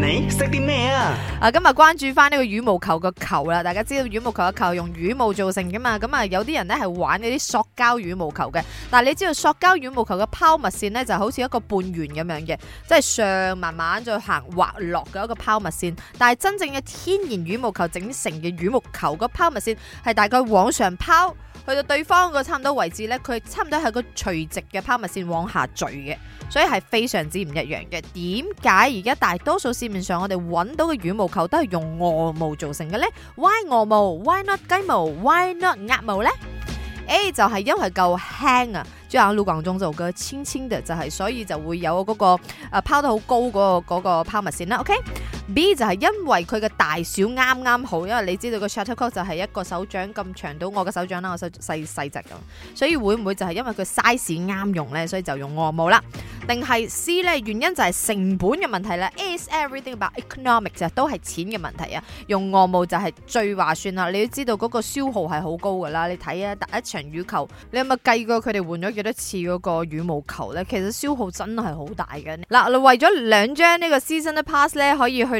你識啲咩啊？啊，今日關注翻呢個羽毛球個球啦。大家知道羽毛球個球用羽毛做成噶嘛？咁啊，有啲人呢係玩呢啲塑膠羽毛球嘅。但係你知道塑膠羽毛球嘅拋物線呢，就好似一個半圓咁樣嘅，即係上慢慢再行滑落嘅一個拋物線。但係真正嘅天然羽毛球整成嘅羽毛球個拋物線，係大概往上拋，去到對方個差唔多位置呢，佢差唔多係個垂直嘅拋物線往下墜嘅，所以係非常之唔一樣嘅。點解而家大多數是？面上我哋揾到嘅羽毛球都係用鵝毛做成嘅咧？Why 鵝毛？Why not 雞毛？Why not 鴨毛咧？誒，就係因為夠輕啊，即係盧廣仲做嘅，輕輕的就係，所以就會有嗰個誒拋得好高嗰個嗰個拋物線啦。OK。B 就係因為佢嘅大小啱啱好，因為你知道個 shuttlecock 就係一個手掌咁長到我嘅手掌啦，我的手細細隻咁，所以會唔會就係因為佢 size 啱用咧，所以就用鵝毛啦？定係 C 咧？原因就係成本嘅問題咧？Is everything about economics？都係錢嘅問題啊！用鵝毛就係最划算要啦。你都知道個消耗係好高噶啦，你睇啊，第一場羽球，你有冇計過佢哋換咗幾多次個羽毛球咧？其實消耗真係好大嘅。嗱，為咗兩張呢個 seasonal pass 咧，可以去。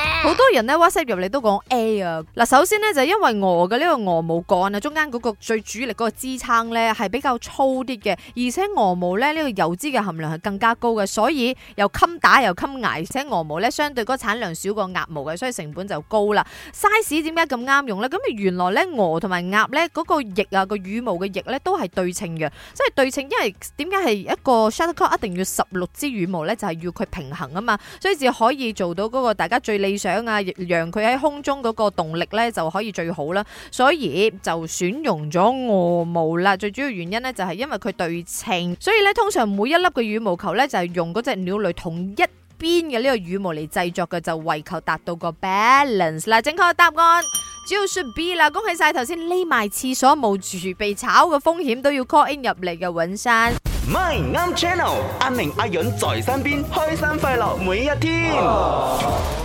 好多人咧 WhatsApp 入嚟都講 A 啊嗱。首先咧就因為鵝嘅呢個鵝毛桿啊，中間嗰個最主力嗰個支撐咧係比較粗啲嘅，而且鵝毛咧呢個油脂嘅含量係更加高嘅，所以又襟打又襟捱，而且鵝毛咧相對嗰產量少過鴨毛嘅，所以成本就高啦。size 點解咁啱用咧？咁原來咧鵝同埋鴨咧嗰個翼啊個羽毛嘅翼咧都係對稱嘅，所以對稱，因為點解係一個 shuttlecock 一定要十六支羽毛咧就係、是、要佢平衡啊嘛，所以至可以做到嗰個大家最理想。想啊，讓佢喺空中嗰個動力咧就可以最好啦，所以就選用咗鵝毛啦。最主要原因呢，就係因為佢對稱，所以呢，通常每一粒嘅羽毛球呢，就係用嗰隻鳥類同一邊嘅呢個羽毛嚟製作嘅，就為求達到個 balance 啦。正確答案主要是 B 啦，恭喜晒頭先匿埋廁所冇住，被炒嘅風險都要 call in 入嚟嘅尹山。My own channel，阿明阿潤在身邊，開心快樂每一天。啊